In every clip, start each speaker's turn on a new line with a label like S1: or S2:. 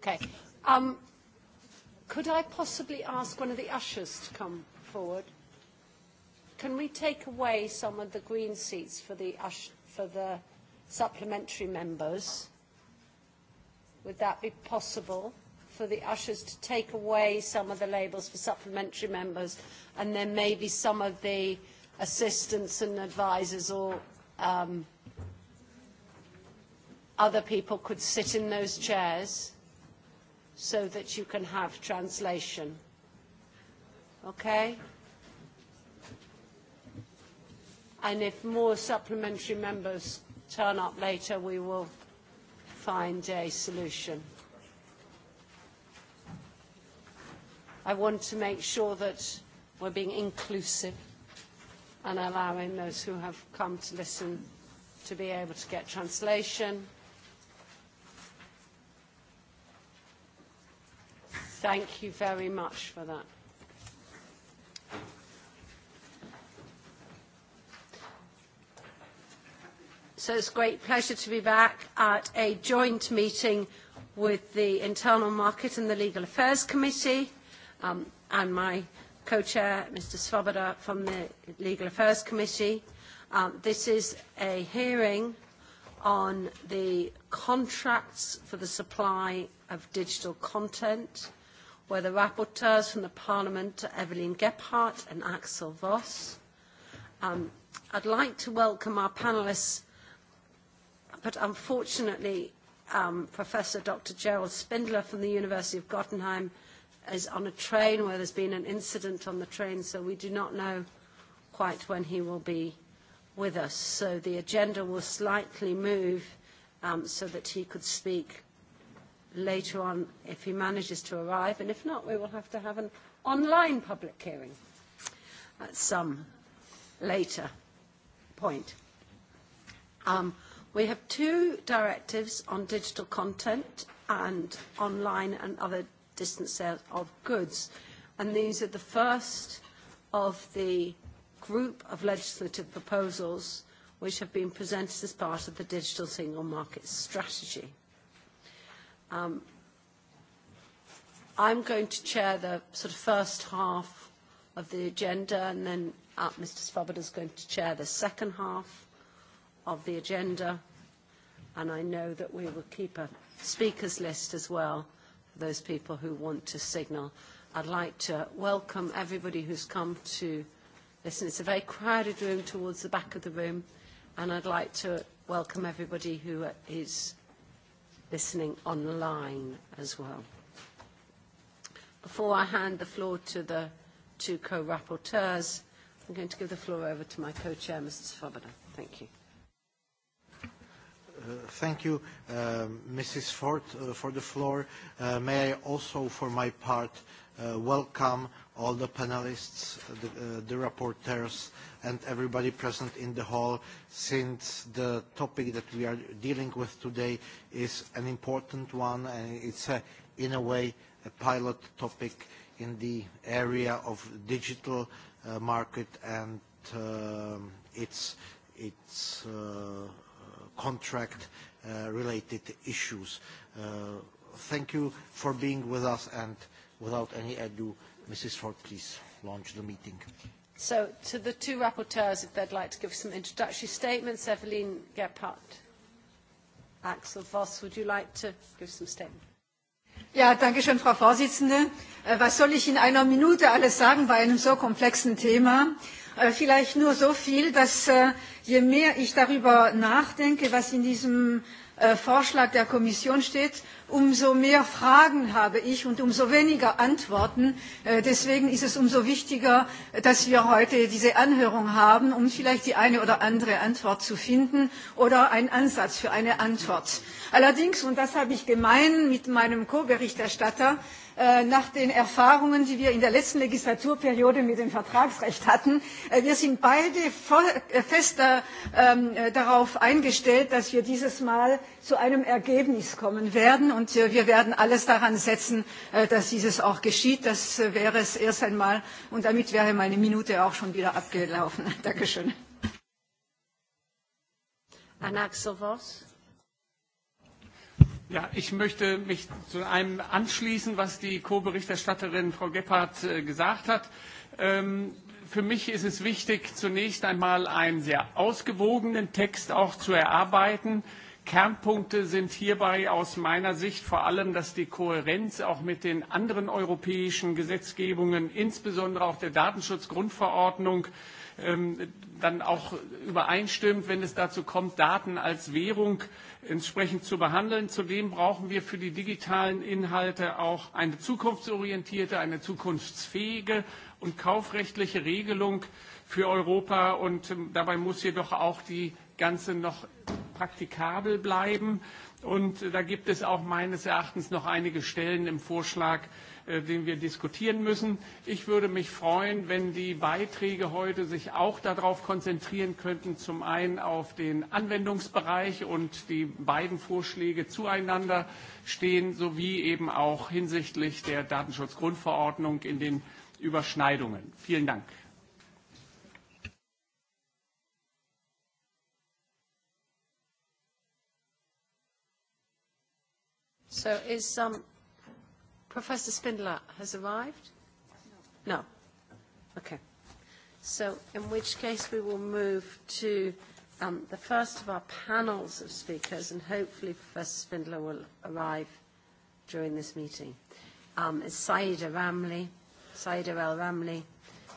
S1: Okay. Um, could I possibly ask one of the ushers to come forward? Can we take away some of the green seats for the, ush for the supplementary members? Would that be possible for the ushers to take away some of the labels for supplementary members and then maybe some of the assistants and advisors or um, other people could sit in those chairs? so that you can have translation. Okay? And if more supplementary members turn up later, we will find a solution. I want to make sure that we're being inclusive and allowing those who have come to listen to be able to get translation Thank you very much for that. So it's a great pleasure to be back at a joint meeting with the Internal Market and the Legal Affairs Committee um, and my co-chair, Mr. Svoboda, from the Legal Affairs Committee. Um, this is a hearing on the contracts for the supply of digital content where the rapporteurs from the Parliament are Evelyn Gephardt and Axel Voss. Um, I'd like to welcome our panellists, but unfortunately um, Professor Dr. Gerald Spindler from the University of Gottenheim is on a train where there's been an incident on the train, so we do not know quite when he will be with us. So the agenda will slightly move um, so that he could speak later on if he manages to arrive, and if not, we will have to have an online public hearing at some later point. Um, we have two directives on digital content and online and other distance sales of goods, and these are the first of the group of legislative proposals which have been presented as part of the digital single market strategy. Um, I'm going to chair the sort of first half of the agenda, and then uh, Mr. Svoboda is going to chair the second half of the agenda. And I know that we will keep a speakers list as well for those people who want to signal. I'd like to welcome everybody who's come to listen. It's a very crowded room towards the back of the room, and I'd like to welcome everybody who is listening online as well. Before I hand the floor to the two co-rapporteurs, I'm going to give the floor over to my co-chair, Mr. Svoboda. Thank you.
S2: Thank you, Mrs. Ford, for the floor. May I also, for my part, welcome all the panelists, the rapporteurs, and everybody present in the hall since the topic that we are dealing with today is an important one and it's a, in a way a pilot topic in the area of digital uh, market and uh, its, its uh, contract uh, related issues. Uh, thank you for being with us and without any ado, Mrs. Ford, please launch the meeting.
S1: So to the two rapporteurs, if they'd like to give some introductory statements, Evelyn Gephardt, Axel Voss, would you like to give some statements?
S3: Ja, danke schön, Frau Vorsitzende. Was soll ich in einer Minute alles sagen bei einem so komplexen Thema? Vielleicht nur so viel, dass je mehr ich darüber nachdenke, was in diesem Vorschlag der Kommission steht, umso mehr Fragen habe ich und umso weniger Antworten. Deswegen ist es umso wichtiger, dass wir heute diese Anhörung haben, um vielleicht die eine oder andere Antwort zu finden oder einen Ansatz für eine Antwort. Allerdings, und das habe ich gemein mit meinem Co-Berichterstatter, nach den Erfahrungen, die wir in der letzten Legislaturperiode mit dem Vertragsrecht hatten. Wir sind beide fest darauf eingestellt, dass wir dieses Mal zu einem Ergebnis kommen werden. Und wir werden alles daran setzen, dass dieses auch geschieht. Das wäre es erst einmal. Und damit wäre meine Minute auch schon wieder abgelaufen. Dankeschön.
S4: Ja, ich möchte mich zu einem anschließen, was die Co-Berichterstatterin Frau Gebhardt gesagt hat. Für mich ist es wichtig, zunächst einmal einen sehr ausgewogenen Text auch zu erarbeiten, Kernpunkte sind hierbei aus meiner Sicht vor allem, dass die Kohärenz auch mit den anderen europäischen Gesetzgebungen, insbesondere auch der Datenschutzgrundverordnung, dann auch übereinstimmt, wenn es dazu kommt, Daten als Währung entsprechend zu behandeln. Zudem brauchen wir für die digitalen Inhalte auch eine zukunftsorientierte, eine zukunftsfähige und kaufrechtliche Regelung für Europa. Und dabei muss jedoch auch die Ganze noch praktikabel bleiben. Und da gibt es auch meines Erachtens noch einige Stellen im Vorschlag, den wir diskutieren müssen. Ich würde mich freuen, wenn die Beiträge heute sich auch darauf konzentrieren könnten, zum einen auf den Anwendungsbereich und die beiden Vorschläge zueinander stehen, sowie eben auch hinsichtlich der Datenschutzgrundverordnung in den Überschneidungen. Vielen Dank.
S1: So is um, Professor Spindler has arrived? No. No. Okay. So in which case we will move to um, the first of our panels of speakers, and hopefully Professor Spindler will arrive during this meeting. Um, is Saida Ramli, Saida El Ramli,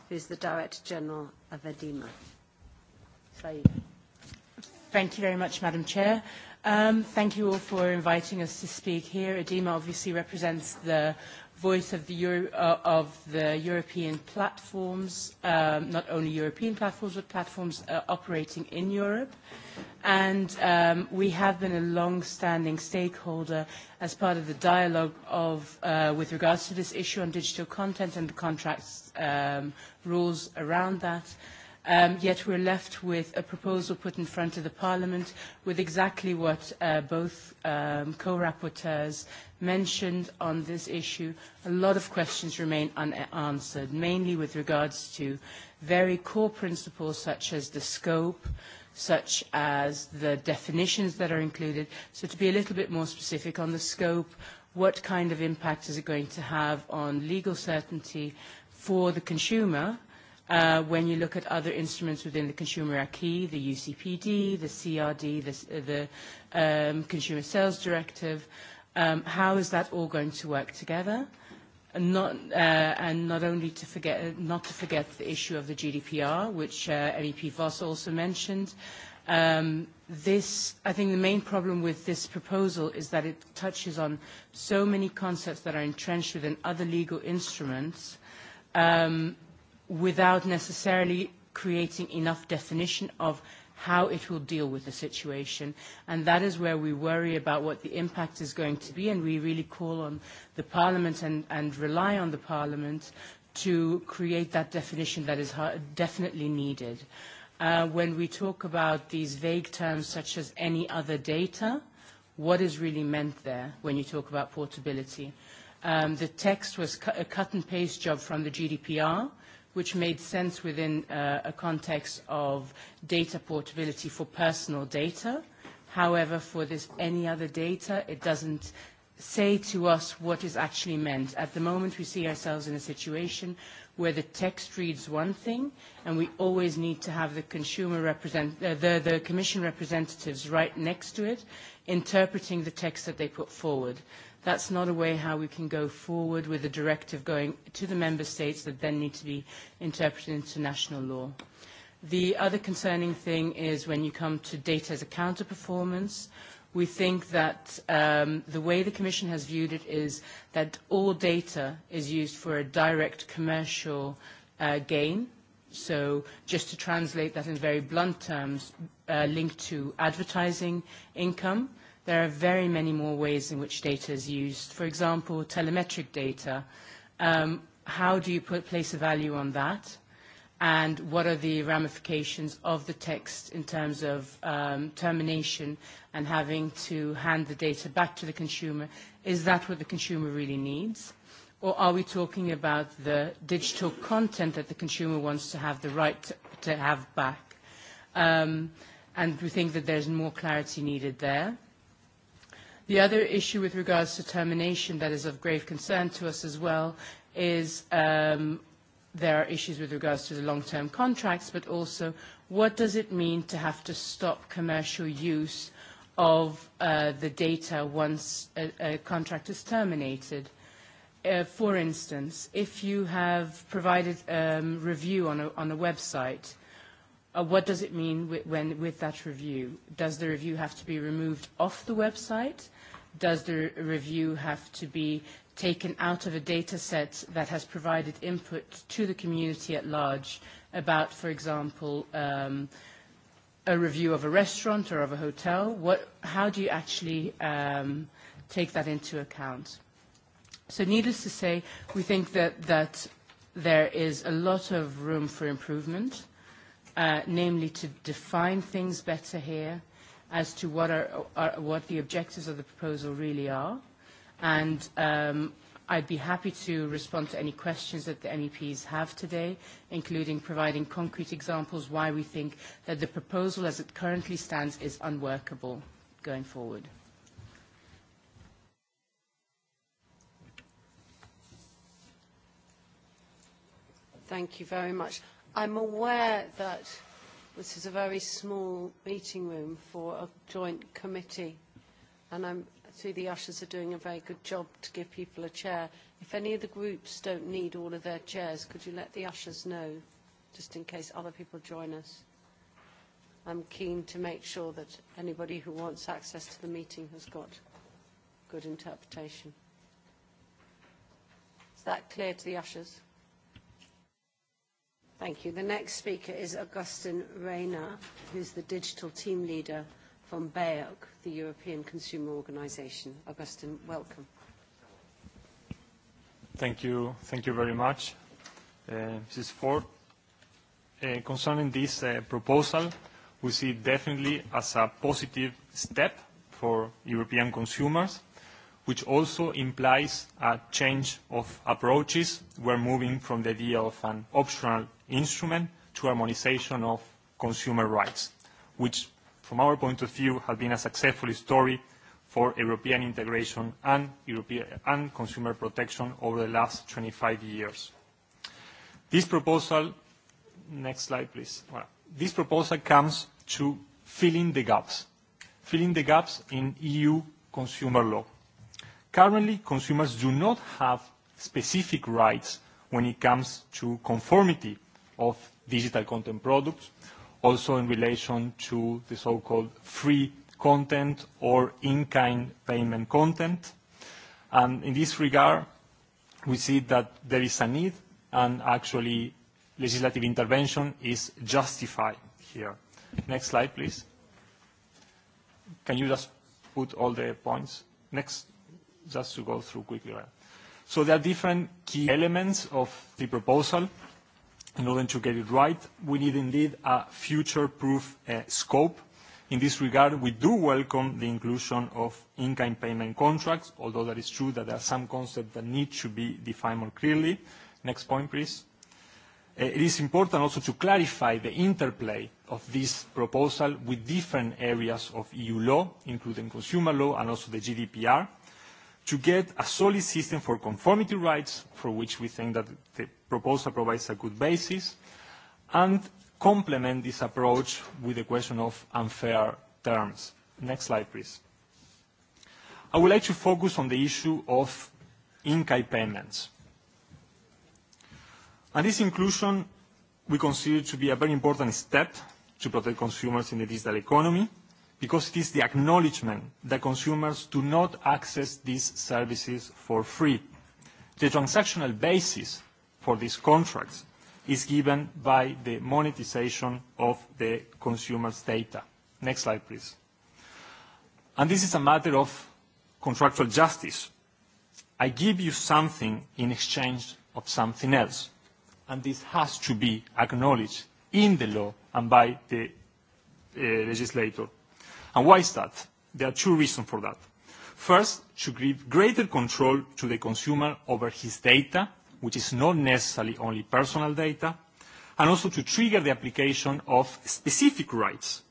S1: who is the Director General of EDIMA.
S5: Saida. Thank you very much, Madam Chair. Um, thank you all for inviting us to speak here. Edema obviously represents the voice of the, Euro, uh, of the European platforms, um, not only European platforms, but platforms uh, operating in Europe. And um, we have been a long-standing stakeholder as part of the dialogue of, uh, with regards to this issue on digital content and the contracts um, rules around that um, yet we're left with a proposal put in front of the Parliament with exactly what uh, both um, co-rapporteurs mentioned on this issue. A lot of questions remain unanswered, mainly with regards to very core principles such as the scope, such as the definitions that are included. So to be a little bit more specific on the scope, what kind of impact is it going to have on legal certainty for the consumer, Uh, when you look at other instruments within the consumer acquis, the UCPD, the CRD, the, the um, Consumer Sales Directive, um, how is that all going to work together? And not, uh, and not only to forget, not to forget the issue of the GDPR, which uh, MEP Voss also mentioned. Um, this, I think the main problem with this proposal is that it touches on so many concepts that are entrenched within other legal instruments um, without necessarily creating enough definition of how it will deal with the situation. And that is where we worry about what the impact is going to be, and we really call on the Parliament and, and rely on the Parliament to create that definition that is definitely needed. Uh, when we talk about these vague terms such as any other data, what is really meant there when you talk about portability? Um, the text was cu- a cut and paste job from the GDPR, which made sense within uh, a context of data portability for personal data. However, for this any other data, it doesn't say to us what is actually meant. At the moment, we see ourselves in a situation where the text reads one thing, and we always need to have the consumer represent uh, the the commission representatives right next to it, interpreting the text that they put forward. That's not a way how we can go forward with a directive going to the member states that then need to be interpreted into national law. The other concerning thing is when you come to data as a counter-performance, We think that um, the way the Commission has viewed it is that all data is used for a direct commercial uh, gain. So just to translate that in very blunt terms, uh, linked to advertising income, there are very many more ways in which data is used. For example, telemetric data. Um, how do you put, place a value on that? and what are the ramifications of the text in terms of um, termination and having to hand the data back to the consumer. Is that what the consumer really needs? Or are we talking about the digital content that the consumer wants to have the right to, to have back? Um, and we think that there's more clarity needed there. The other issue with regards to termination that is of grave concern to us as well is um, there are issues with regards to the long-term contracts, but also what does it mean to have to stop commercial use of uh, the data once a, a contract is terminated? Uh, for instance, if you have provided a um, review on a, on a website, uh, what does it mean with, when, with that review? Does the review have to be removed off the website? Does the review have to be taken out of a data set that has provided input to the community at large about, for example, um, a review of a restaurant or of a hotel? What, how do you actually um, take that into account? So needless to say, we think that, that there is a lot of room for improvement, uh, namely to define things better here as to what, are, are, what the objectives of the proposal really are And um, I'd be happy to respond to any questions that the MEPs have today, including providing concrete examples why we think that the proposal as it currently stands is unworkable going forward.
S1: Thank you very much. I'm aware that this is a very small meeting room for a joint committee, and I'm through the ushers are doing a very good job to give people a chair. If any of the groups don't need all of their chairs, could you let the ushers know, just in case other people join us? I'm keen to make sure that anybody who wants access to the meeting has got good interpretation. Is that clear to the ushers? Thank you. The next speaker is Augustin Reyna, who's the digital team leader von BEOC, the European Consumer Organization. Augustin, welcome.
S6: Thank you. Thank you very much, Mrs. Ford. Concerning this proposal, we see definitely as a positive step for European consumers, which also implies a change of approaches. We're moving from the idea of an optional instrument to harmonization of consumer rights, which from our point of view, has been a successful story for European integration and, European, and consumer protection over the last 25 years. This proposal, next slide please. This proposal comes to filling the gaps, filling the gaps in EU consumer law. Currently, consumers do not have specific rights when it comes to conformity of digital content products also in relation to the so-called free content or in-kind payment content. in this regard, we see that there is a need, and actually legislative intervention is justified here. Next slide, please. Can you just put all the points? Next, just to go through quickly. So there are different key elements of the proposal in order to get it right, we need indeed a future-proof scope. In this regard, we do welcome the inclusion of in-kind payment contracts, although that is true that there are some concepts that need to be defined more clearly. Next point, please. It is important also to clarify the interplay of this proposal with different areas of EU law, including consumer law and also the GDPR to get a solid system for conformity rights, for which we think that the proposal provides a good basis, and complement this approach with the question of unfair terms. Next slide, please. I would like to focus on the issue of in-kind payments. And this inclusion we consider to be a very important step to protect consumers in the digital economy – because it is the acknowledgement that consumers do not access these services for free. The transactional basis for these contracts is given by the monetization of the consumer's data. Next slide, please. And This is a matter of contractual justice. I give you something in exchange of something else, and this has to be acknowledged in the law and by the legislator. And why is that? There are two reasons for that. First, to give greater control to the consumer over his data, which is not necessarily only personal data, and also to trigger the application of specific rights.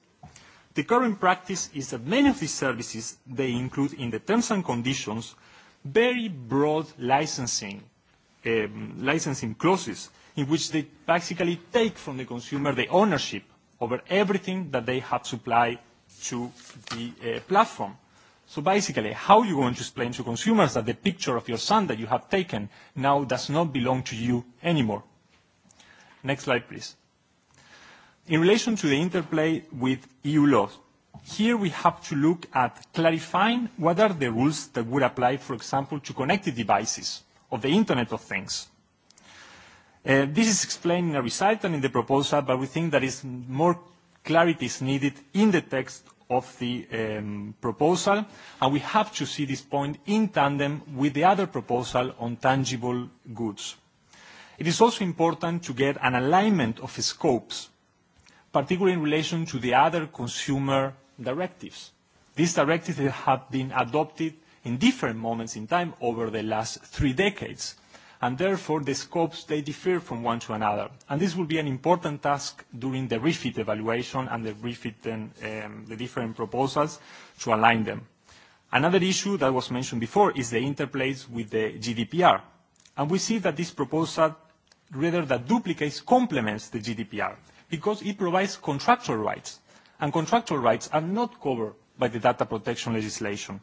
S6: The current practice is that many of these services, they include in the terms and conditions very broad licensing, um, licensing clauses in which they basically take from the consumer the ownership over everything that they have supplied to the uh, platform. So basically, how are you going to explain to consumers that the picture of your son that you have taken now does not belong to you anymore? Next slide, please. In relation to the interplay with EU laws, here we have to look at clarifying what are the rules that would apply, for example, to connected devices of the Internet of Things. This is explained in a recital in the proposal, but we think that it's more clarity is needed in the text of the um, proposal, and we have to see this point in tandem with the other proposal on tangible goods. It is also important to get an alignment of scopes, particularly in relation to the other consumer directives. These directives have been adopted in different moments in time over the last three decades and therefore the scopes, they differ from one to another. this will be an important task during the refit evaluation and the refit and the different proposals to align them. Another issue that was mentioned before is the interplays with the GDPR. And we see that this proposal, rather than duplicates, complements the GDPR because it provides contractual rights. And contractual rights are not covered by the data protection legislation.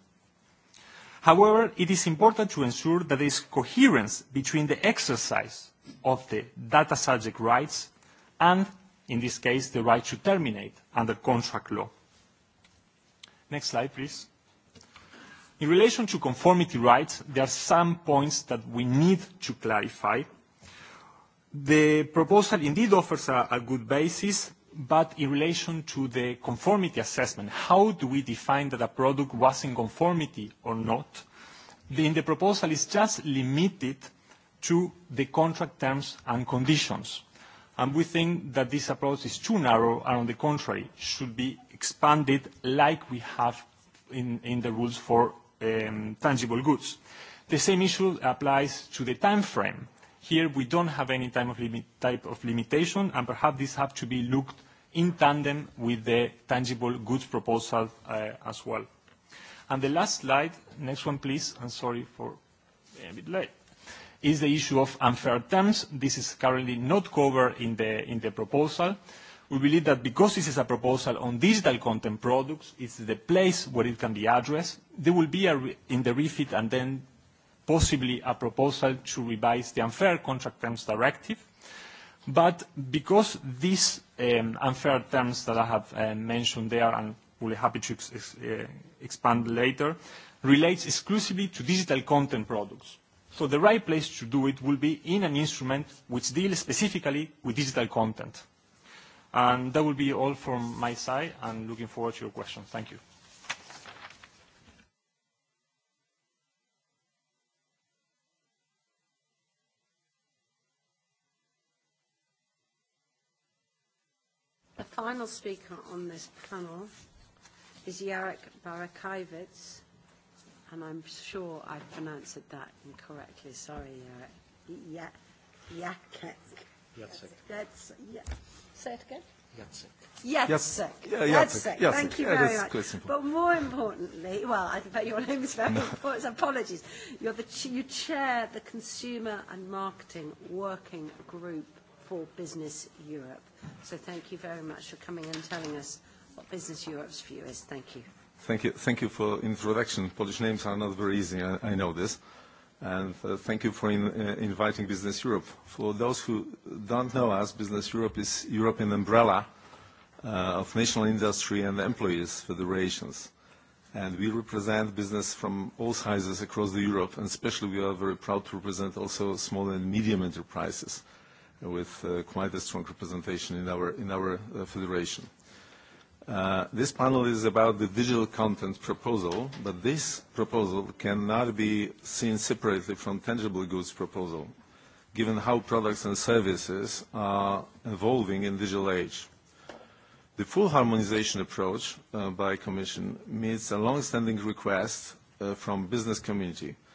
S6: However, it is important to ensure that there is coherence between the exercise of the data subject rights and, in this case, the right to terminate under contract law. Next slide, please. In relation to conformity rights, there are some points that we need to clarify. The proposal indeed offers a good basis, but in relation to the conformity assessment, how do we define that a product was in conformity or not? In the proposal, is just limited to the contract terms and conditions. and We think that this approach is too narrow, and on the contrary, should be expanded like we have in the rules for tangible goods. The same issue applies to the time frame. Here, we don't have any type of limitation, and perhaps this have to be looked in tandem with the tangible goods proposal as well. And The last slide, next one, please. I'm sorry for being a bit late is the issue of unfair terms. This is currently not covered in the, in the proposal. We believe that because this is a proposal on digital content products, it's the place where it can be addressed. There will be a re in the refit and then possibly a proposal to revise the Unfair Contract Terms Directive. But because these um unfair terms that I have uh mentioned there, and will be happy to ex uh expand later, relates exclusively to digital content products. So the right place to do it will be in an instrument which deals specifically with digital content. And that will be all from my side, and looking forward to your questions. Thank you.
S1: final speaker on this panel is Jarek Barakivitz, and I'm sure I pronounced that incorrectly. Sorry, Jarek. Yeah, Jacek. yeah. Say it again. Jacek.
S7: Jacek. Jacek. Thank you very much.
S1: But more importantly, well, I bet your name is very important. Apologies. You're the ch you chair the Consumer and Marketing Working Group for Business Europe. So thank you very much for coming and telling us what Business Europe's view is. Thank you.
S7: Thank you. Thank you for introduction. Polish names are not very easy. I, I know this. And uh, thank you for in, uh, inviting Business Europe. For those who don't know us, Business Europe is European umbrella uh, of national industry and employees federations. And we represent business from all sizes across the Europe, and especially we are very proud to represent also small and medium enterprises. Uh, with quite a strong representation in our, in our federation. this panel is about the digital content proposal, but this proposal cannot be seen separately from tangible goods proposal, given how products and services are evolving in digital age. The full harmonization approach by Commission meets a long-standing request from business community –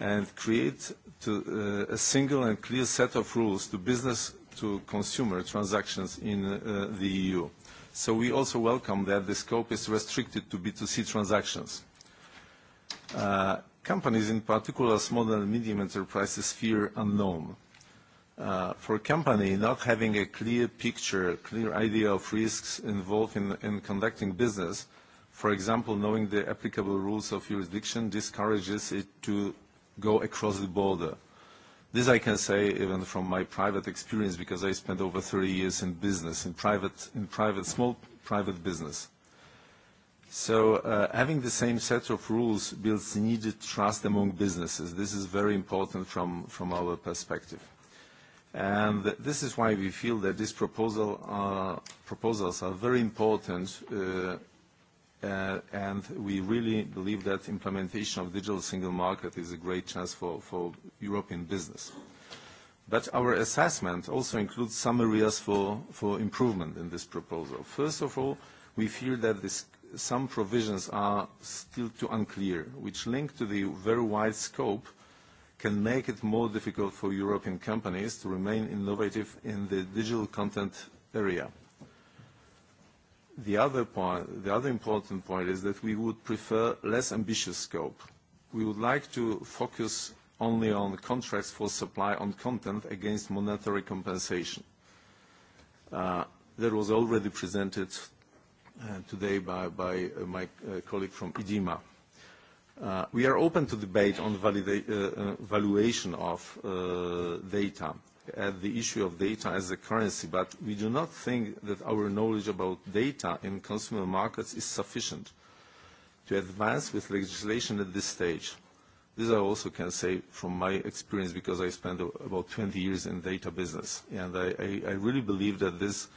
S7: and create to, uh, a single and clear set of rules to business to consumer transactions in uh, the EU. So we also welcome that the scope is restricted to B2C transactions. Uh, companies, in particular small and medium enterprises, fear unknown. Uh, for a company, not having a clear picture, clear idea of risks involved in, in conducting business, for example, knowing the applicable rules of jurisdiction discourages it to go across the border. This I can say even from my private experience because I spent over 30 years in business, in private, in private small private business. So uh, having the same set of rules builds needed trust among businesses. This is very important from, from our perspective. And this is why we feel that these proposal proposals are very important uh, and we really believe that implementation of digital single market is a great chance for, for European business. But our assessment also includes some areas for, for improvement in this proposal. First of all, we feel that this, some provisions are still too unclear, which linked to the very wide scope can make it more difficult for European companies to remain innovative in the digital content area The other point, the other important point is that we would prefer less ambitious scope. We would like to focus only on contracts for supply on content against monetary compensation. That was already presented today by my colleague from IDIMA. We are open to debate on valuation of data at the issue of data as a currency, but we do not think that our knowledge about data in consumer markets is sufficient to advance with legislation at this stage. This I also can say from my experience because I spent about 20 years in data business. And I, I, I really believe that, this,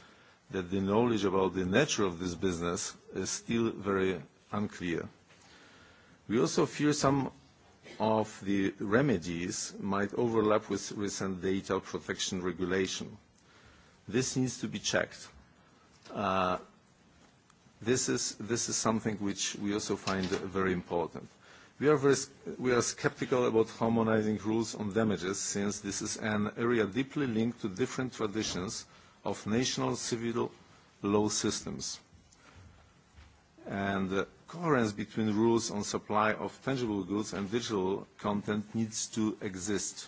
S7: that the knowledge about the nature of this business is still very unclear. We also fear some of the remedies might overlap with recent data protection regulation. This needs to be checked. This is something which we also find very important. We are skeptical about harmonizing rules on damages since this is an area deeply linked to different traditions of national civil law systems and coherence between rules on supply of tangible goods and digital content needs to exist.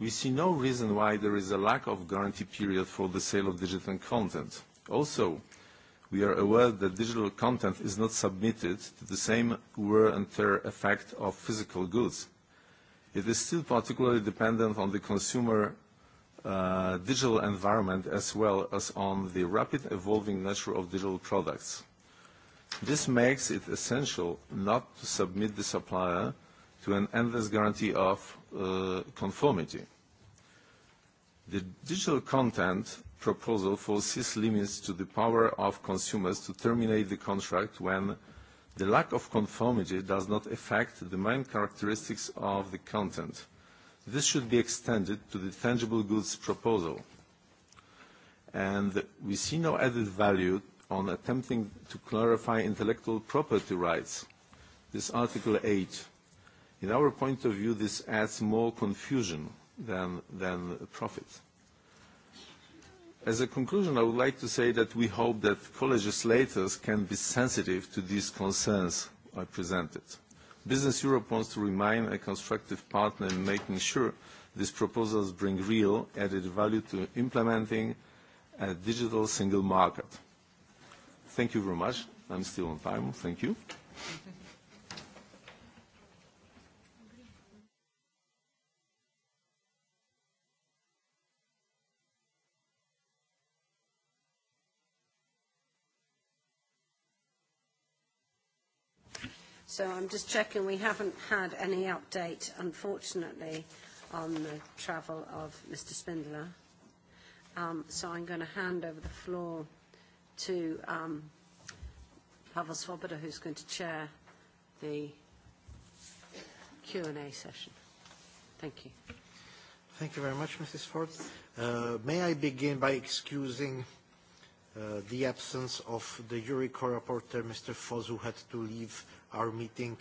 S7: We see no reason why there is a lack of guarantee period for the sale of digital content. Also, we are aware that digital content is not submitted to the same wear and tear effect of physical goods. It is still particularly dependent on the consumer digital environment as well as on the rapid evolving nature of digital products. This makes it essential not to submit the supplier to an endless guarantee of conformity. The digital content proposal foresees limits to the power of consumers to terminate the contract when the lack of conformity does not affect the main characteristics of the content. This should be extended to the tangible goods proposal. And we see no added value on attempting to clarify intellectual property rights. This Article 8. In our point of view, this adds more confusion than, than profit. As a conclusion, I would like to say that we hope that co-legislators can be sensitive to these concerns I presented. Business Europe wants to remain a constructive partner in making sure these proposals bring real added value to implementing a digital single market. Thank you very much. I'm still on time. Thank you.
S1: So I'm just checking we haven't had any update, unfortunately, on the travel of Mr. Spindler. Um, so I'm gonna hand over the floor to um, Pavel Svoboda, who's going to chair the Q&A session. Thank you.
S2: Thank you very much, Mrs. Ford. Uh, may I begin by excusing uh, the absence of the Eureka reporter, Mr. Foz, who had to leave our meeting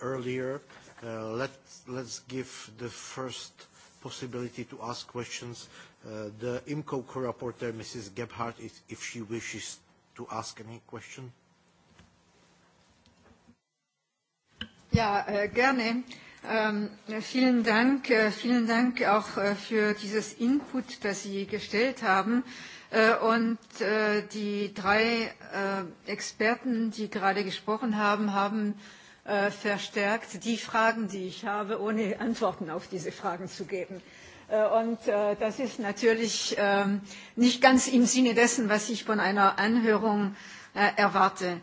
S2: earlier. Uh, let, let's give the first possibility to ask questions the IMCO co-rapporteur, Mrs. Gebhardt, if she wishes to ask any question.
S3: Ja, gerne. Vielen Dank. Vielen Dank auch für dieses Input, das Sie gestellt haben. Und die drei Experten, die gerade gesprochen haben, haben verstärkt die Fragen, die ich habe, ohne Antworten auf diese Fragen zu geben. Und das ist natürlich nicht ganz im Sinne dessen, was ich von einer Anhörung erwarte.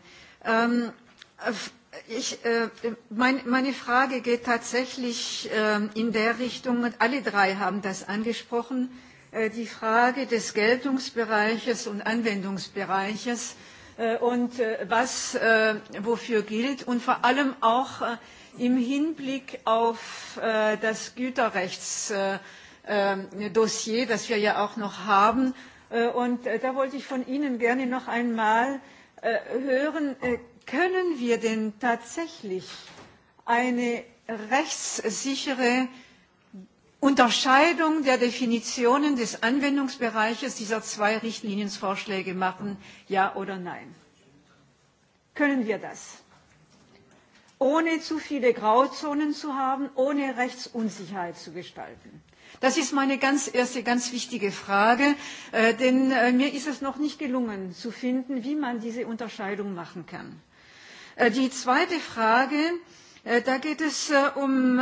S3: meine Frage geht tatsächlich in der Richtung, und alle drei haben das angesprochen, die Frage des Geltungsbereiches und Anwendungsbereiches und was wofür gilt und vor allem auch im Hinblick auf das Güterrechtsrecht Dossier, das wir ja auch noch haben. Und da wollte ich von Ihnen gerne noch einmal hören, können wir denn tatsächlich eine rechtssichere Unterscheidung der Definitionen des Anwendungsbereiches dieser zwei Richtlinienvorschläge machen, ja oder nein? Können wir das? Ohne zu viele Grauzonen zu haben, ohne Rechtsunsicherheit zu gestalten. Das ist meine ganz erste, ganz wichtige Frage, denn mir ist es noch nicht gelungen zu finden, wie man diese Unterscheidung machen kann. Die zweite Frage Da geht es um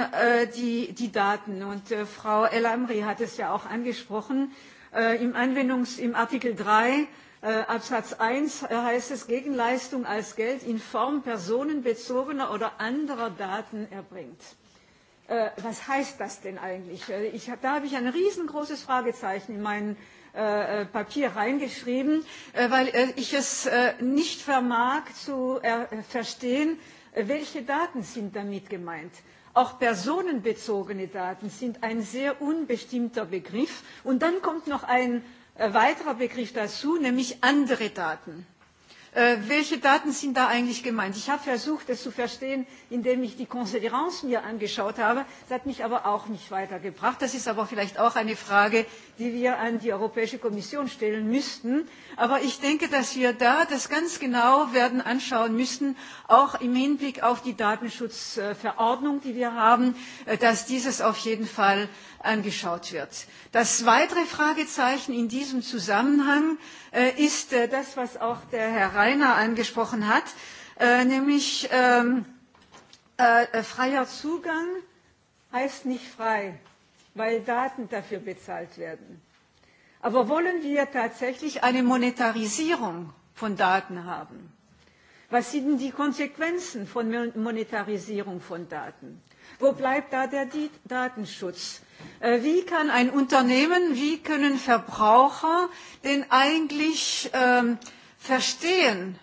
S3: die, Daten und Frau El Amri hat es ja auch angesprochen. Im Anwendungs, im Artikel drei Absatz eins heißt es Gegenleistung als Geld in Form personenbezogener oder anderer Daten erbringt was heißt das denn eigentlich? Ich hab, da habe ich ein riesengroßes Fragezeichen in meinen Papier reingeschrieben, weil ich es nicht vermag zu verstehen, welche Daten sind damit gemeint. Auch personenbezogene Daten sind ein sehr unbestimmter Begriff. Und dann kommt noch ein weiterer Begriff dazu, nämlich andere Daten welche Daten sind da eigentlich gemeint? Ich habe versucht, das zu verstehen, indem ich die Konsiderance mir angeschaut habe. Das hat mich aber auch nicht weitergebracht. Das ist aber vielleicht auch eine Frage, die wir an die Europäische Kommission stellen müssten. Aber ich denke, dass wir da das ganz genau werden anschauen müssen, auch im Hinblick auf die Datenschutzverordnung, die wir haben, dass dieses auf jeden Fall angeschaut wird. Das weitere Fragezeichen in diesem Zusammenhang ist das, was auch der Herr Reiner angesprochen hat, nämlich freier Zugang heißt nicht frei, weil Daten dafür bezahlt werden. Aber wollen wir tatsächlich eine Monetarisierung von Daten haben? Was sind die Konsequenzen von Monetarisierung von Daten? Wo bleibt da der Datenschutz? Wie kann ein Unternehmen, wie können Verbraucher denn eigentlich verstehen,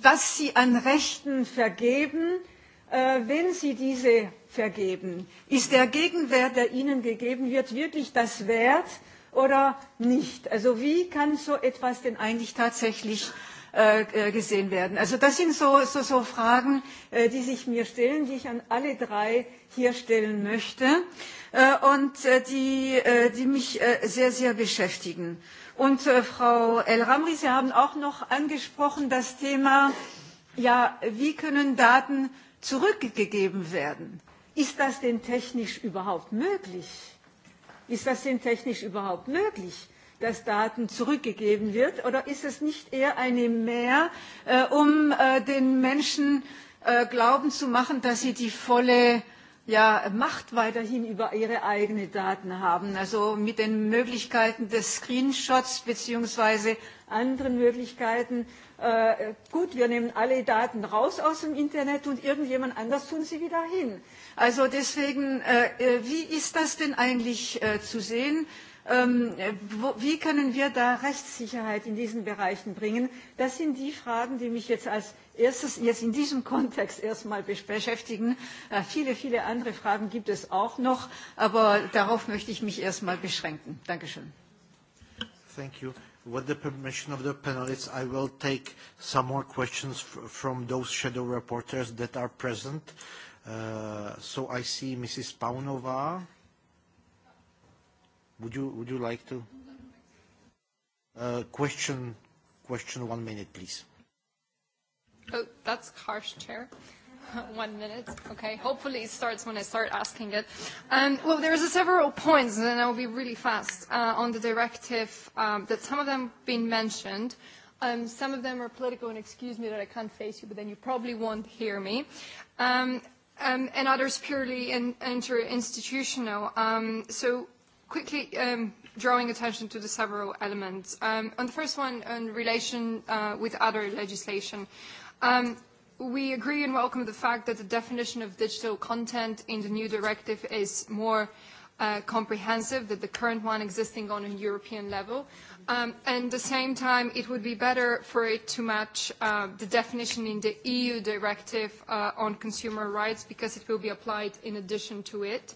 S3: was sie an Rechten vergeben, wenn sie diese vergeben? Ist der Gegenwert, der ihnen gegeben wird, wirklich das Wert oder nicht? Also wie kann so etwas denn eigentlich tatsächlich gesehen werden. Also das sind so, so, so Fragen, die sich mir stellen, die ich an alle drei hier stellen möchte und die, mich sehr, sehr beschäftigen. Und Frau El Ramri, Sie haben auch noch angesprochen das Thema, ja, wie können Daten zurückgegeben werden? Ist das denn technisch überhaupt möglich? Ist das denn technisch überhaupt möglich? dass Daten zurückgegeben wird? Oder ist es nicht eher eine Mehr, um den Menschen glauben zu machen, dass sie die volle ja, Macht weiterhin über ihre eigenen Daten haben. Also mit den Möglichkeiten des Screenshots beziehungsweise anderen Möglichkeiten. Äh, gut, wir nehmen alle Daten raus aus dem Internet und irgendjemand anders tun sie wieder hin. Also deswegen, äh, wie ist das denn eigentlich äh, zu sehen? Wie können wir da Rechtssicherheit in diesen Bereichen bringen? Das sind die Fragen, die mich jetzt als erstes jetzt in diesem Kontext erstmal beschäftigen. Viele, viele andere Fragen gibt es auch noch, aber darauf möchte ich mich erstmal beschränken. Dankeschön.
S2: Thank you. With the permission of the panelists, I will take some more questions from those shadow reporters that are present. Uh, so I see Mrs. Paunova. Would you, would you like to? Uh, question, question one minute, please.
S8: Oh, that's harsh, Chair. One minute. Okay. Hopefully it starts when I start asking it. Um, well, there's a several points, and I'll be really fast, uh, on the directive, um, that some of them have been mentioned. Um, some of them are political, and excuse me that I can't face you, but then you probably won't hear me. Um, um, and others purely in, interinstitutional. Um, so quickly um, drawing attention to the several elements. Um, on the first one, in relation uh, with other legislation, um, we agree and welcome the fact that the definition of digital content in the new directive is more uh, comprehensive than the current one existing on a European level. Um, and at the same time, it would be better for it to match uh, the definition in the EU directive uh, on consumer rights because it will be applied in addition to it.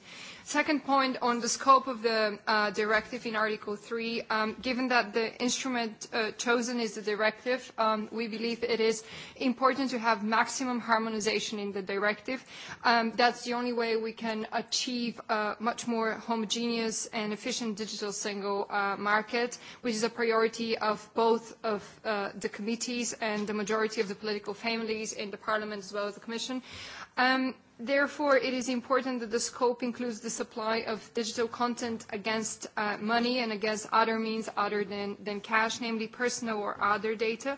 S8: Second point on the scope of the uh, directive in Article 3, um, given that the instrument uh, chosen is the directive, um, we believe it is important to have maximum harmonization in the directive. Um, that's the only way we can achieve a much more homogeneous and efficient digital single uh, market, which is a priority of both of uh, the committees and the majority of the political families in the Parliament as well as the Commission. Um, Therefore, it is important that the scope includes the supply of digital content against uh, money and against other means other than, than cash, namely personal or other data.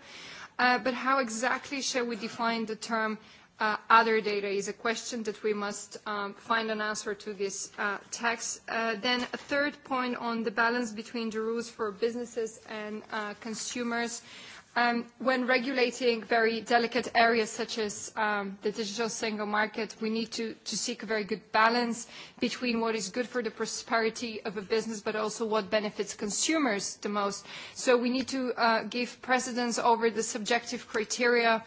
S8: Uh, but how exactly shall we define the term uh, other data is a question that we must um, find an answer to this uh, text. Uh, then a third point on the balance between the rules for businesses and uh, consumers. Uh, when regulating very delicate areas such as the digital single market, we need to, seek a very good balance between what is good for the prosperity of a business but also what benefits consumers the most. So we need to give precedence over the subjective criteria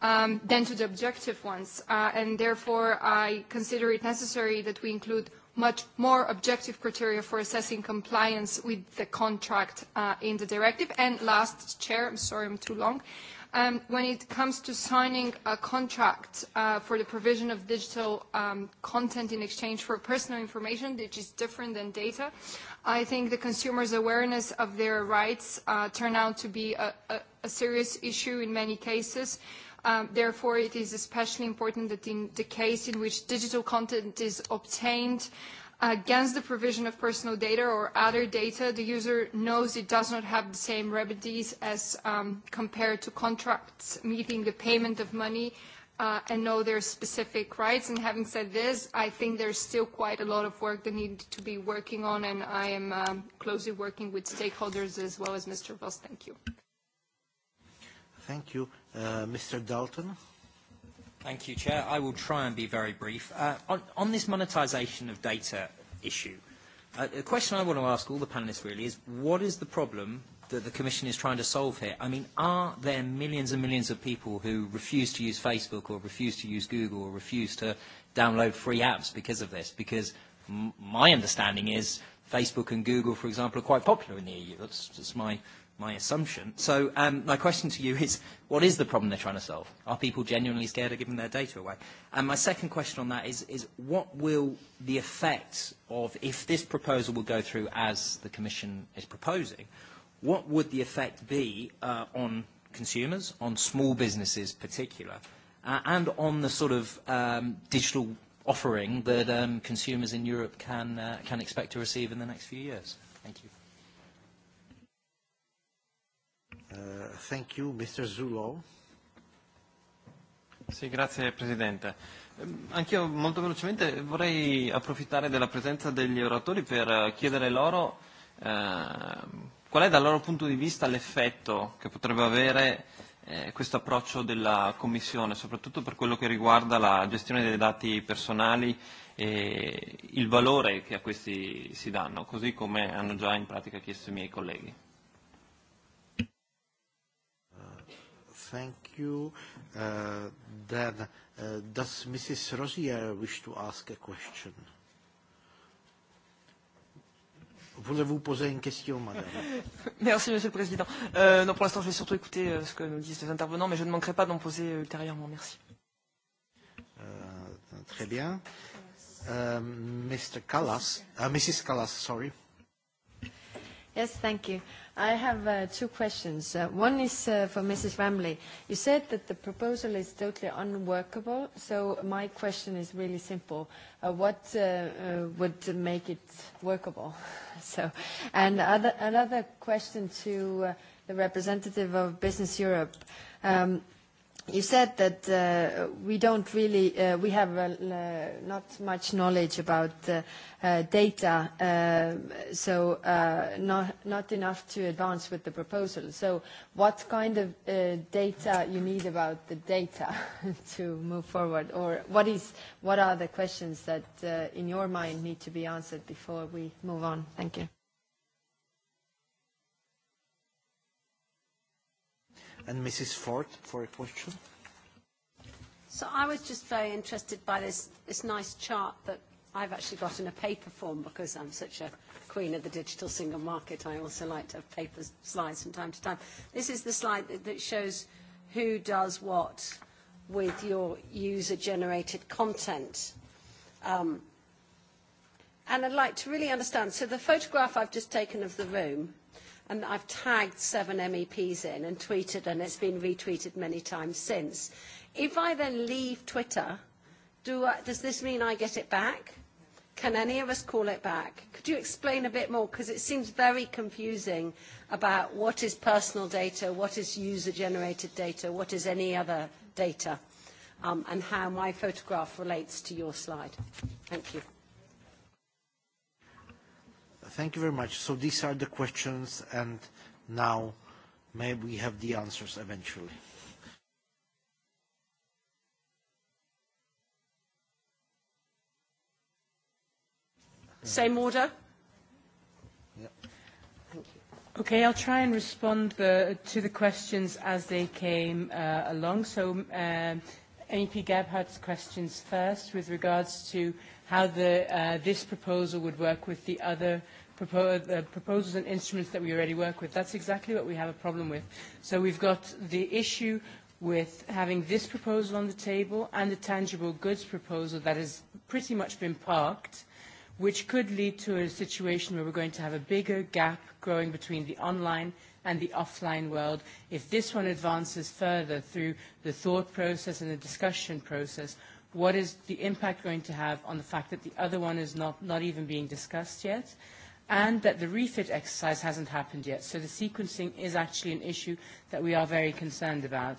S8: than to the objective ones. and therefore, I consider it necessary that we include much more objective criteria for assessing compliance with the contract uh, in the directive. And last, Chair, I'm sorry I'm too long, um, when it comes to signing a contract uh, for the provision of digital um, content in exchange for personal information, which is different than data, I think the consumers' awareness of their rights uh, turn out to be a, a, a serious issue in many cases. Uh, therefore, it is especially important that in the case in which digital content is obtained against the provision of personal data or other data, the user knows it does not have the same remedies as compared to contracts meeting the payment of money and know their specific rights. And having said this, I think there's still quite a lot of work that needs to be working on, and I am closely working with stakeholders as well as Mr. Voss. Thank you.
S2: Thank you. Uh, Mr. Dalton.
S9: Thank you, Chair. I will try and be very brief. Uh, on, on this monetisation of data issue, uh, the question I want to ask all the panelists really is what is the problem that the Commission is trying to solve here? I mean, are there millions and millions of people who refuse to use Facebook or refuse to use Google or refuse to download free apps because of this? Because m my understanding is Facebook and Google, for example, are quite popular in the EU. That's, that's my my assumption. So um, my question to you is, what is the problem they're trying to solve? Are people genuinely scared of giving their data away? And my second question on that is, is what will the effect of, if this proposal will go through as the Commission is proposing, what would the effect be uh, on consumers, on small businesses particular, uh, and on the sort of um, digital offering that um, consumers in Europe can, uh, can expect to receive in the next few years? Thank you. thank you, Mr.
S6: Zullo. Sì, grazie Presidente. Anch'io molto velocemente vorrei approfittare della presenza degli oratori per chiedere loro eh, qual è dal loro punto di vista l'effetto che potrebbe avere eh, questo approccio della Commissione, soprattutto per quello che riguarda la gestione dei dati personali e il valore che a questi si danno, così come hanno già in pratica chiesto i miei colleghi.
S2: Thank you. Uh, then, uh, does Mrs. Rosier wish to ask a question? Voulez-vous poser une question, madame
S9: Merci, monsieur le président. Euh, non, pour l'instant, je vais surtout écouter euh, ce que nous disent les intervenants, mais je ne manquerai pas d'en poser euh, ultérieurement. Merci.
S2: Euh, très bien. Euh, Mr. Callas, uh, Mrs. Callas, sorry. Euh,
S1: Yes, thank you. I have uh, two questions. Uh, one is uh, for Mrs. Ramley. You said that the proposal is totally unworkable, so my question is really simple. Uh, what uh, uh, would make it workable? so, and other, another question to uh, the representative of Business Europe. Um, You said that we don't really, we have not much knowledge about data, so not enough to advance with the proposal. So what kind of data you need about the data to move forward? Or what is, what are the questions that in your mind need to be answered before we move on? Thank you.
S2: and Mrs. Ford for a question.
S1: So I was just very interested by this, this nice chart that I've actually got in a paper form because I'm such a queen of the digital single market. I also like to have paper slides from time to time. This is the slide that, that shows who does what with your user-generated content. Um, and I'd like to really understand. So the photograph I've just taken of the room and I've tagged seven MEPs in and tweeted, and it's been retweeted many times since. If I then leave Twitter, do I, does this mean I get it back? Can any of us call it back? Could you explain a bit more? Because it seems very confusing about what is personal data, what is user-generated data, what is any other data, um, and how my photograph relates to your slide. Thank you.
S2: Thank you very much. So these are the questions, and now may we have the answers eventually.
S5: Same order? Yeah. Thank you. Okay, I'll try and respond to the questions as they came along. So um, MEP Gebhardt's questions first with regards to how this proposal would work with the other propose, uh, proposals and instruments that we already work with. That's exactly what we have a problem with. So we've got the issue with having this proposal on the table and the tangible goods proposal that has pretty much been parked, which could lead to a situation where we're going to have a bigger gap growing between the online and the offline world. If this one advances further through the thought process and the discussion process, what is the impact going to have on the fact that the other one is not, not even being discussed yet? and that the refit exercise hasn't happened yet. So the sequencing is actually an issue that we are very concerned about.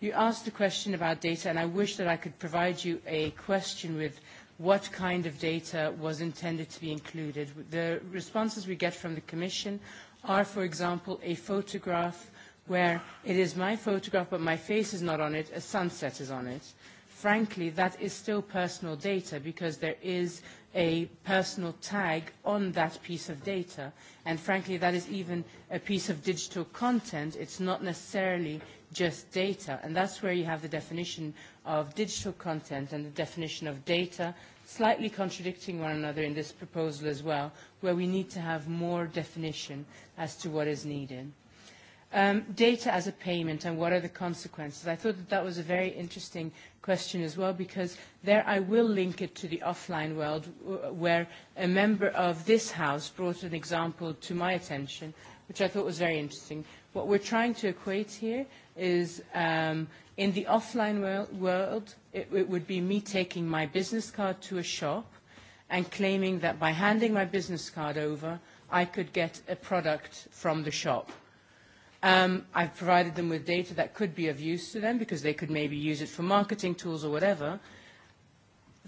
S5: You asked a question about data, and I wish that I could provide you a question with what kind of data was intended to be included. The responses we get from the Commission are, for example, a photograph where it is my photograph but my face is not on it, a sunset is on it. Frankly, that is still personal data because there is a personal tag on that piece of data. And frankly, that is even a piece of digital content. It's not necessarily just data. And that's where you have the definition of digital content and the definition of data slightly contradicting one another in this proposal as well, where we need to have more definition as to what is needed. Um, data as a payment and what are the consequences? I thought that that was a very interesting question as well because there I will link it to the offline world where a member of this House brought an example to my attention which I thought was very interesting. What we're trying to equate here is um, in the offline world, it, it would be me taking my business card to a shop and claiming that by handing my business card over, I could get a product from the shop Um, I've provided them with data that could be of use to them because they could maybe use it for marketing tools or whatever.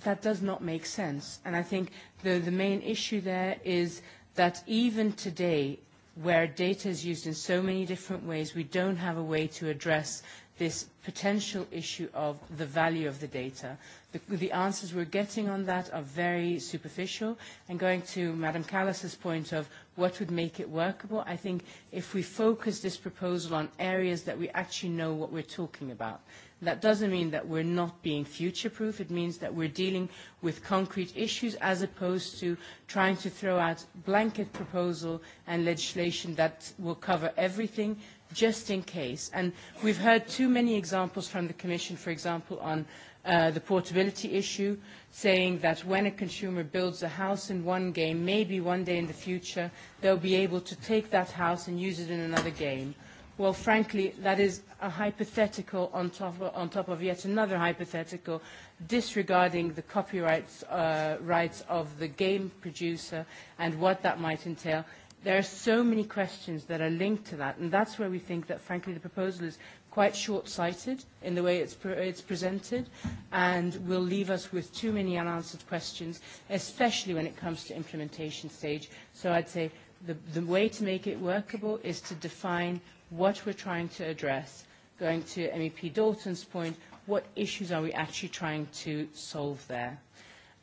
S5: That does not make sense. And I think the, the main issue there is that even today, where data is used in so many different ways, we don't have a way to address this potential issue of the value of the data. The, the answers we're getting on that are very superficial. And going to Madam Callas's point of what would make it workable. I think if we focus this proposal on areas that we actually know what we're talking about, that doesn't mean that we're not being future-proof. It means that we're dealing with concrete issues as opposed to trying to throw out blanket proposal and legislation that will cover everything just in case. And we've heard too many examples from the Commission, for example, on uh, the portability issue, saying that when a consumer builds a house in one game, maybe one day in the future, they'll be able to take that house and use it in another game. Well, frankly, that is a hypothetical on top of, on top of yet another hypothetical, disregarding the copyright uh, rights of the game producer and what that might entail, There are so many questions that are linked to that, and that's where we think that, frankly, the proposal is quite short-sighted in the way it's, pre it's presented and will leave us with too many unanswered questions, especially when it comes to implementation stage. So I'd say the, the way to make it workable is to define what we're trying to address. Going to MEP Dalton's point, what issues are we actually trying to solve there?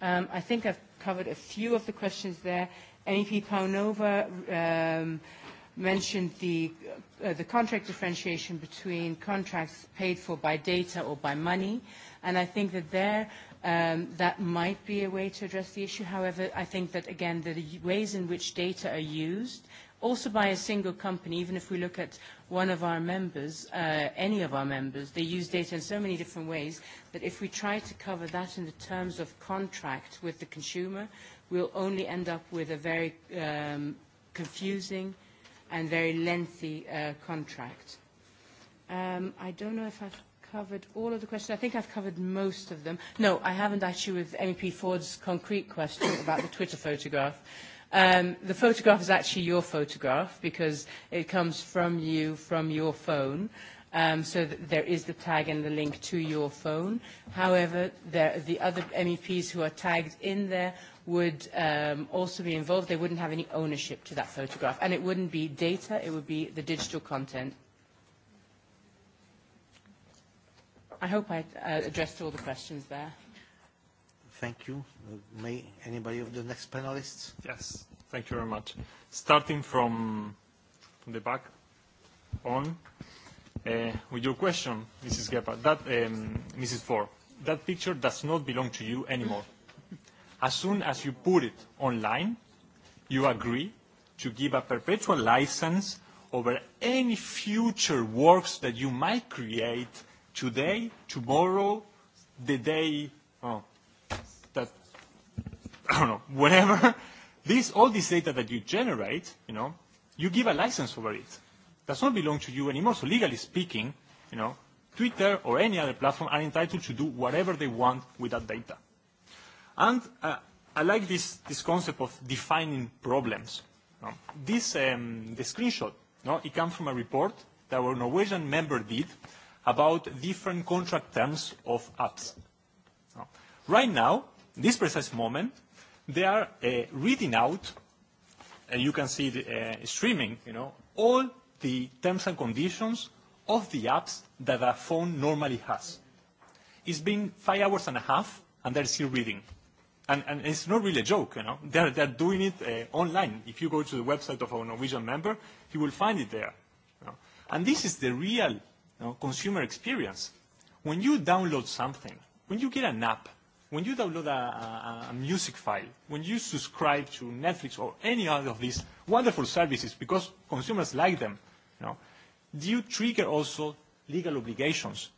S5: Um, I think I've covered a few of the questions there. Amy Paunova mentioned the, contract differentiation between contracts paid for by data or by money, and I think that there that might be a way to address the issue. However, I think that, again, the ways in which data are used, also by a single company, even if we look at one of our members, uh, any of our members, they use data in so many different ways that if we try to cover that in the terms of contract with the consumer, we'll only end up with a very um, confusing and very lengthy uh, contract. Um, I don't know if I've covered all of the questions. I think I've covered most of them. No, I haven't actually with MEP Ford's concrete question about the Twitter photograph. Um, the photograph is actually your photograph because it comes from you, from your phone um, so that there is the tag and the link to your phone. However, there, the other MEPs who are tagged in there would um, also be involved. They wouldn't have any ownership to that photograph. And it wouldn't be data, it would be the digital content. I hope I uh, addressed all the questions there.
S6: Thank you. May anybody of the next panelists? Yes, thank you very much. Starting from the back on with your question, Mrs. Gepa, that, um, Mrs. Ford, that picture does not belong to you anymore. As soon as you put it online, you agree to give a perpetual license over any future works that you might create today, tomorrow, the day, oh, that, I don't know, whatever. This, all this data that you generate, you know, you give a license over it does not belong to you anymore. So legally speaking, you know, Twitter or any other platform are entitled to do whatever they want with that data. And uh, I like this, this concept of defining problems. know, This, um, the screenshot, no? it comes from a report that our Norwegian member did about different contract terms of apps. know, Right now, this precise moment, they are uh, reading out, and you can see the uh, streaming, you know, all the terms and conditions of the apps that a phone normally has. It's been five hours and a half, and they're still reading. And, and it's not really a joke, you know. They're, they're doing it uh, online. If you go to the website of a Norwegian member, you will find it there. You know? And this is the real you know, consumer experience. When you download something, when you get an app, when you download a, a, a music file, when you subscribe to Netflix or any other of these wonderful services because consumers like them, Now, do you trigger also legal obligations?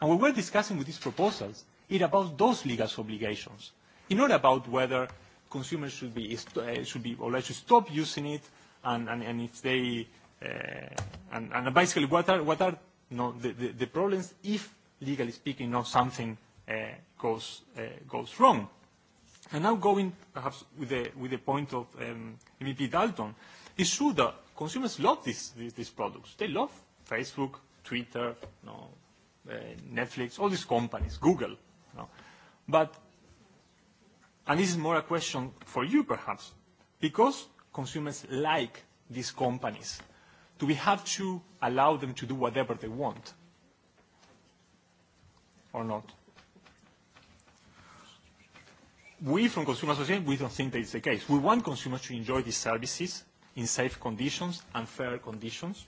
S6: And what we're discussing with these proposals is about those legal obligations. It's not about whether consumers should be, uh, should be obliged to stop using it and, and, and if they, uh, and, and basically what are, what are you know, the, the, the problems if, legally speaking, not something uh, goes, uh, goes wrong. And now going perhaps with the, with the point of um, MEP Dalton, it's true that consumers love these, these, these products. They love Facebook, Twitter, you know, uh, Netflix, all these companies, Google. You know. But, and this is more a question for you perhaps, because consumers like these companies, do we have to allow them to do whatever they want or not? We from Consumer Association, we don't think that is the case. We want consumers to enjoy these services in safe conditions and fair conditions.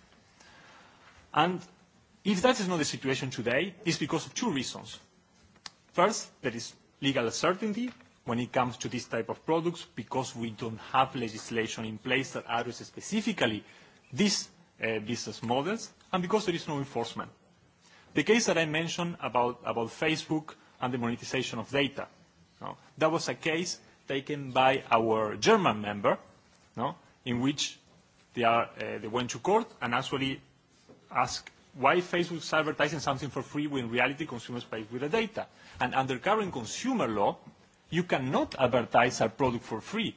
S6: And if that is not the situation today, it's because of two reasons. First, there is legal uncertainty when it comes to this type of products because we don't have legislation in place that addresses specifically these uh, business models and because there is no enforcement. The case that I mentioned about, about Facebook and the monetization of data, no, that was a case taken by our German member, no, in which they, are, uh, they went to court and actually asked why Facebook is advertising something for free when in reality consumers pay with the data. And under current consumer law, you cannot advertise a product for free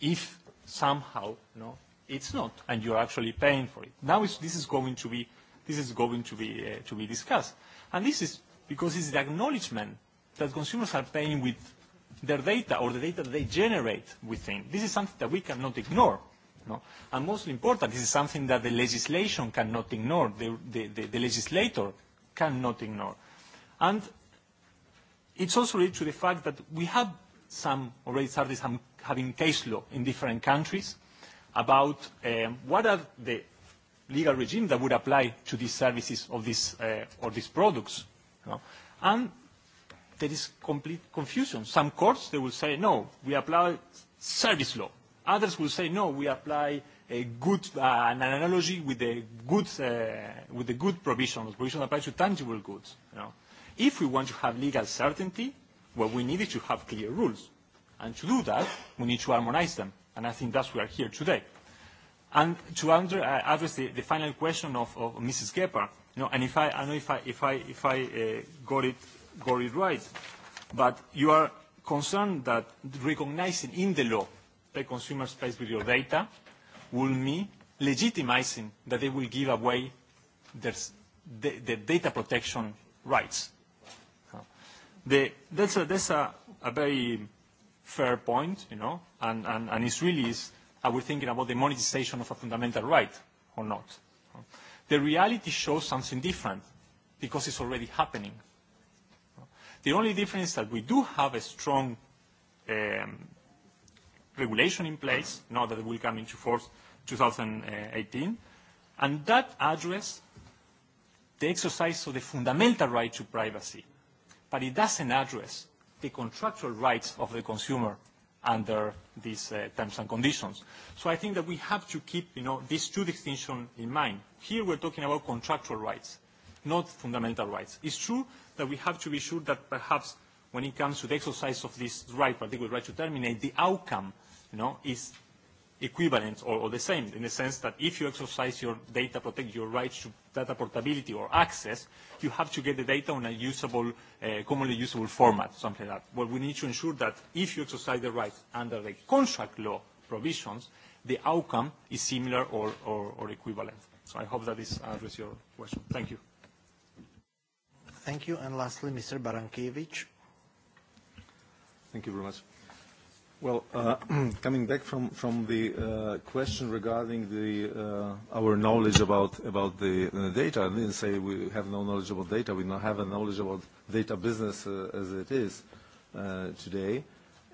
S6: if somehow no, it's not, and you're actually paying for it. Now it's, this is going to be this is going to be uh, to be discussed, and this is because it's the acknowledgement that consumers are paying with their data or the data they generate within. This is something that we cannot ignore No? And most important, this is something that the legislation cannot ignore, the, the, the, the legislator cannot ignore. And it's also related to the fact that we have some, already started some, having case law in different countries about um, what are the legal regime that would apply to these services of this, uh, or these products. No? And there is complete confusion. Some courts, they will say, no, we apply service law, Others will say, no, we apply a good, uh, an analogy with the good, uh, with the good provision, the provision applies to tangible goods. You know? If we want to have legal certainty, what we need is to have clear rules. And to do that, we need to harmonize them. And I think that's why we are here today. And to under, uh, address the, the final question of, of Mrs. Gephardt, you know, and if I, I know if I, if I, if I uh, got, it, got it right, but you are concerned that recognizing in the law the consumer space with your data will mean legitimizing that they will give away their, the, data protection rights. that's a, very fair point, you know, and, it's really are we thinking about the monetization of a fundamental right or not? The reality shows something different because it's already happening. The only difference is that we do have a strong um, regulation in place, now that will come into force 2018, and that address the exercise of the fundamental right to privacy, but it doesn't address the contractual rights of the consumer under these uh, terms and conditions. So I think that we have to keep you know, these two distinctions in mind. Here we're talking about contractual rights, not fundamental rights. It's true that we have to be sure that perhaps when it comes to the exercise of this right, particular right to terminate, the outcome you know, is equivalent or, or the same in the sense that if you exercise your data protect your rights to data portability or access, you have to get the data on a usable, uh, commonly usable format, something like that. Well, we need to ensure that if you exercise the rights under the contract law provisions, the outcome is similar or, or, or equivalent. So I hope that this answers your question. Thank you.
S2: Thank you. And lastly, Mr. Barankiewicz.
S7: Thank you very much. Well, uh, coming back from, from the uh, question regarding the, uh, our knowledge about, about the uh, data, I didn't say we have no knowledge about data. We now have a knowledge about data business uh, as it is uh, today.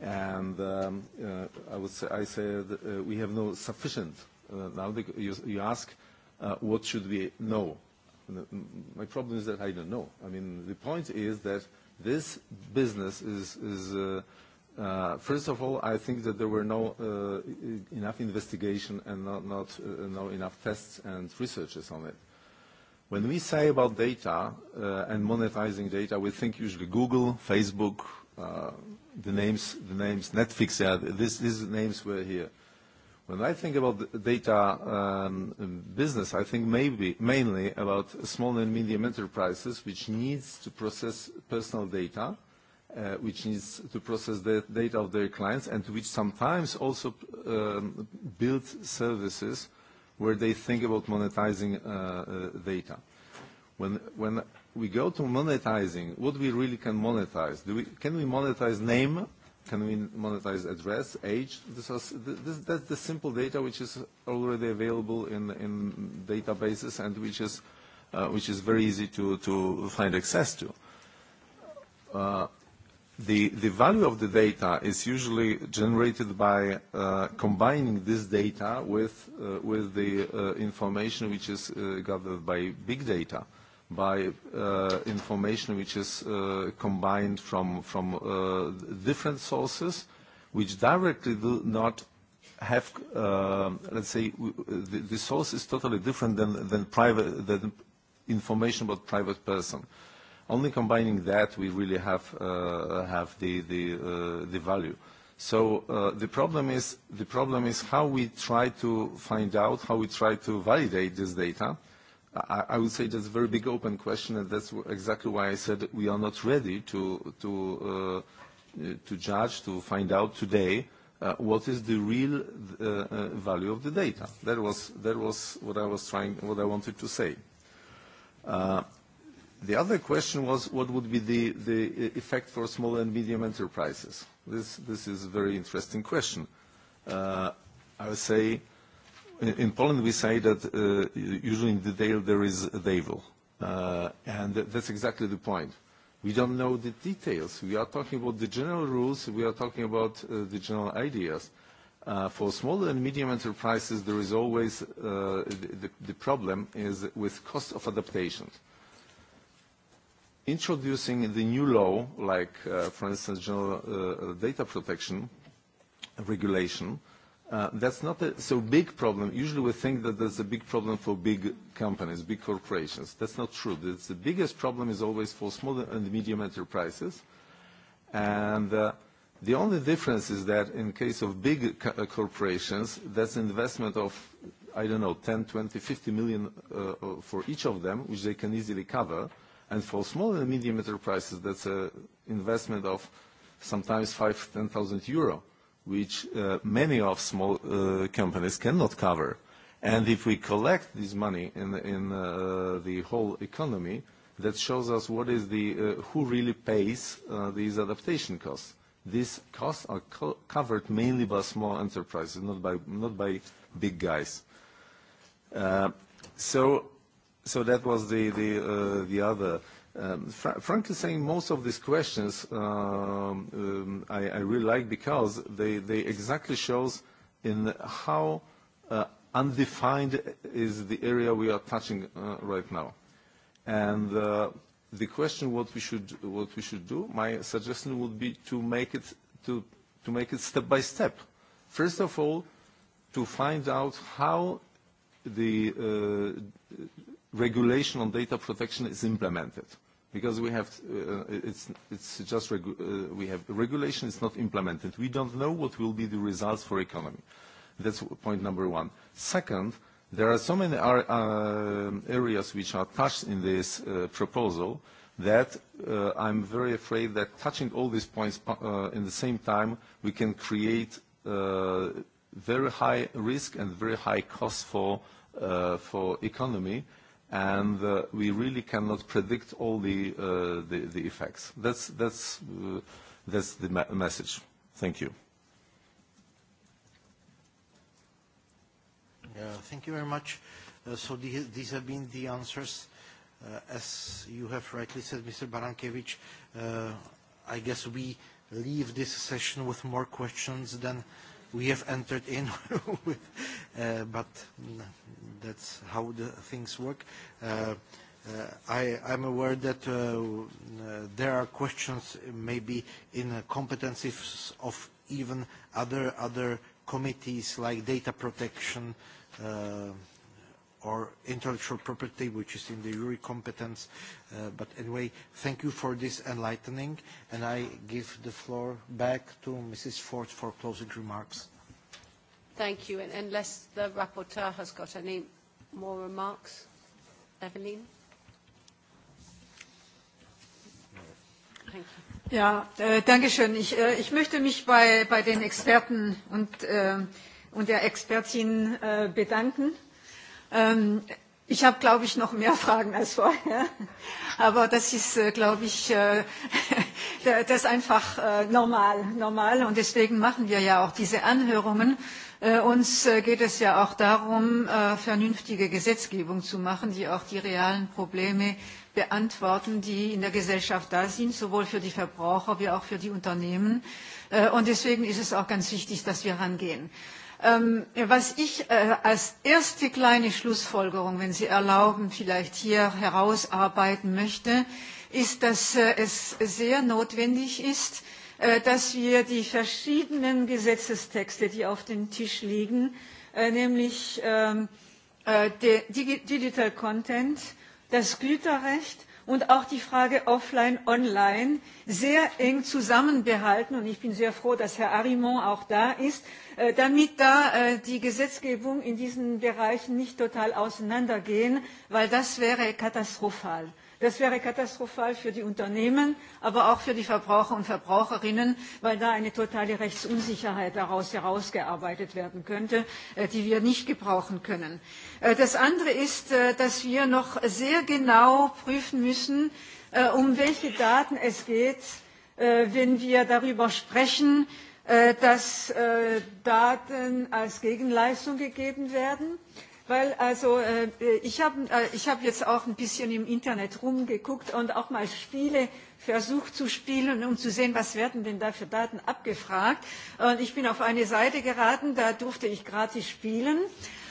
S7: And um, uh, I would say, I said uh, we have no sufficient. Uh, now the, you, you ask uh, what should we know. My problem is that I don't know. I mean, the point is that this business is, is uh, – Uh, first of all, I think that there were no uh, enough investigation and not, not uh, no enough tests and researches on it. When we say about data uh, and monetizing data, we think usually Google, Facebook, uh, the names, the names, Netflix. Yeah, this, these names were here. When I think about the data um, business, I think maybe mainly about small and medium enterprises, which needs to process personal data which needs to process the data of their clients and which sometimes also build services where they think about monetizing data. When we go to monetizing, what we really can monetize, can we monetize name? Can we monetize address, age? That's the simple data which is already available in databases and which is very easy to find access to The, the value of the data is usually generated by uh, combining this data with, uh, with the uh, information which is uh, gathered by big data, by uh, information which is uh, combined from, from uh, different sources, which directly do not have, uh, let's say, the, the source is totally different than, than, private, than information about private person. Uh, Only combining that, we really have the value. So the problem is how we try to find out, how we try to validate this data. I would say that's a very big open question, and that's exactly why I said we are not ready to judge, to find out today what is the real value of the data. That was what I was trying, what I wanted to say. The other question was what would be the, the effect for small and medium enterprises? This, this is a very interesting question. I would say in, Poland we say that usually in the detail there is a devil. that's exactly the point. We don't know the details. We are talking about the general rules. We are talking about the general ideas. for small and medium enterprises, there is always the, the problem is with cost of adaptation introducing the new law, like, uh, for instance, general uh, data protection regulation, uh, that's not a so big problem. Usually we think that there's a big problem for big companies, big corporations. That's not true. That's the biggest problem is always for small and medium enterprises. And uh, the only difference is that in case of big co corporations, that's investment of, I don't know, 10, 20, 50 million uh, for each of them, which they can easily cover – And for small and medium enterprises, that's an investment of sometimes 5,000-10,000 euro, which uh, many of small uh, companies cannot cover. And if we collect this money in, in uh, the whole economy, that shows us what is the, uh, who really pays uh, these adaptation costs. These costs are co covered mainly by small enterprises, not by, not by big guys. Uh, so so that was the the uh, the other. Um, fr- frankly saying, most of these questions um, um, I, I really like because they they exactly shows in how uh, undefined is the area we are touching uh, right now, and. Uh, the question what we should what we should do my suggestion would be to make it to to make it step by step first of all to find out how the uh, regulation on data protection is implemented. Because we have, uh, it's, it's just, we have regulation, is not implemented. We don't know what will be the results for economy. That's point number one. Second, there are so many areas which are touched in this proposal that I'm very afraid that touching all these points uh, in the same time, we can create very high risk and very high cost for, for economy and uh, we really cannot predict all the, uh, the, the effects. That's, that's, uh, that's the ma message. Thank you.
S2: Yeah, thank you very much. Uh, so the, these have been the answers. Uh, as you have rightly said, Mr. Barankiewicz, uh, I guess we leave this session with more questions than uh, we have entered in with, uh, but that's how the things work. Uh, uh, I, I'm aware that uh, uh, there are questions maybe in the competencies of even other other committees like data protection, uh, or intellectual property, which is in the jury competence. Uh, but anyway, thank you for this enlightening, and I give the floor back to Mrs. Ford for closing remarks.
S1: Thank you, and unless the rapporteur has got any more remarks, Evelyn?
S3: Thank you. Ja, äh, danke schön. Ich, äh, ich möchte mich bei, bei den Experten und, äh, und der Expertin äh, bedanken Ich habe, glaube ich, noch mehr Fragen als vorher. Aber das ist, glaube ich, das ist einfach normal, normal. Und deswegen machen wir ja auch diese Anhörungen. Uns geht es ja auch darum, vernünftige Gesetzgebung zu machen, die auch die realen Probleme beantworten, die in der Gesellschaft da sind, sowohl für die Verbraucher wie auch für die Unternehmen. Und deswegen ist es auch ganz wichtig, dass wir rangehen was ich als erste kleine Schlussfolgerung, wenn Sie erlauben, vielleicht hier herausarbeiten möchte, ist, dass es sehr notwendig ist, dass wir die verschiedenen Gesetzestexte, die auf dem Tisch liegen, nämlich Digital Content, das Güterrecht und auch die Frage offline, online sehr eng zusammenbehalten. Und ich bin sehr froh, dass Herr Arimont auch da ist, damit da die Gesetzgebung in diesen Bereichen nicht total auseinandergehen, weil das wäre katastrophal. Das wäre katastrophal für die Unternehmen, aber auch für die Verbraucher und Verbraucherinnen, weil da eine totale Rechtsunsicherheit daraus herausgearbeitet werden könnte, die wir nicht gebrauchen können. Das andere ist, dass wir noch sehr genau prüfen müssen, um welche Daten es geht, wenn wir darüber sprechen, dass Daten als Gegenleistung gegeben werden Weil also äh, ich habe äh, hab jetzt auch ein bisschen im Internet rumgeguckt und auch mal Spiele versucht zu spielen, um zu sehen, was werden denn da für Daten abgefragt. Und ich bin auf eine Seite geraten, da durfte ich gratis spielen.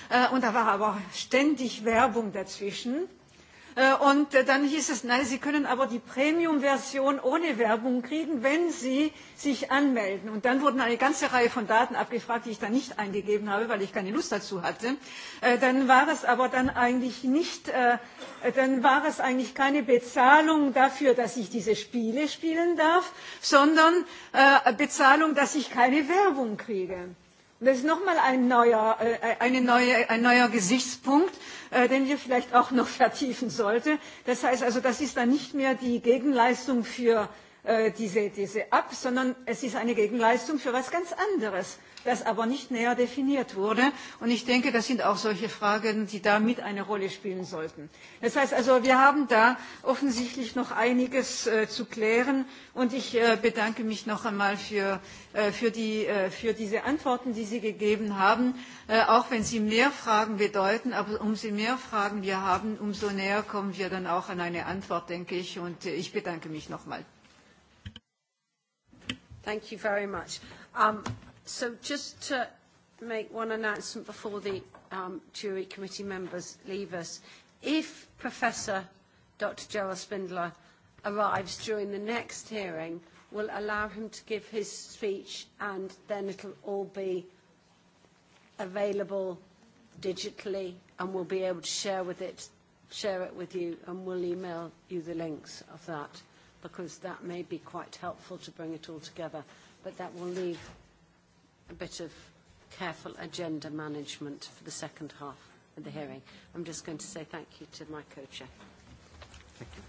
S3: Äh, und da war aber ständig Werbung dazwischen Und dann hieß es, nein, Sie können aber die Premium-Version ohne Werbung kriegen, wenn Sie sich anmelden. Und dann wurden eine ganze Reihe von Daten abgefragt, die ich dann nicht eingegeben habe, weil ich keine Lust dazu hatte. Dann war es aber dann eigentlich nicht, dann war es eigentlich keine Bezahlung dafür, dass ich diese Spiele spielen darf, sondern Bezahlung, dass ich keine Werbung kriege Das ist nochmal ein neuer, eine neue, ein neuer Gesichtspunkt, den wir vielleicht auch noch vertiefen sollten. Das heißt also, das ist dann nicht mehr die Gegenleistung für diese, diese App, sondern es ist eine Gegenleistung für etwas ganz anderes das aber nicht näher definiert wurde. Und ich denke, das sind auch solche Fragen, die da mit eine Rolle spielen sollten. Das heißt also, wir haben da offensichtlich noch einiges zu klären. Und ich bedanke mich noch einmal für, diese Antworten, die Sie gegeben haben, auch wenn sie mehr Fragen bedeuten. Aber umso mehr Fragen wir haben, umso näher kommen wir dann auch an eine Antwort, denke ich. Und ich bedanke mich noch
S1: Thank you very much. Um, So just to make one announcement before the um, jury committee members leave us. If Professor Dr. Gerald Spindler arrives during the next hearing, we'll allow him to give his speech and then it'll all be available digitally and we'll be able to share with it share it with you and we'll email you the links of that because that may be quite helpful to bring it all together but that will leave a bit of careful agenda management for the second half of the hearing. I'm just going to say thank you to my co-chair. Thank you.